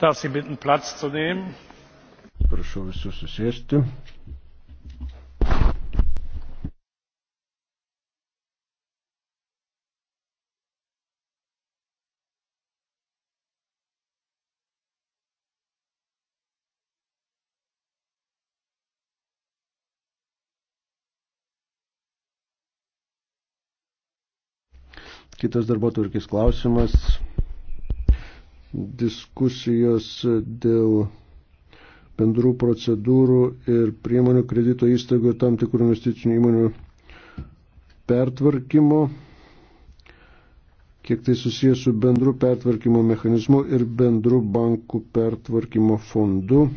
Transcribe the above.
darf Sie bitten, Platz zu nehmen. Prašau visus susėsti. Kitas darbo turkis klausimas diskusijos dėl bendrų procedūrų ir priemonių kredito įstaigų tam tikrų investicinių įmonių pertvarkymo, kiek tai susijęs su bendru pertvarkymo mechanizmu ir bendru bankų pertvarkymo fondu.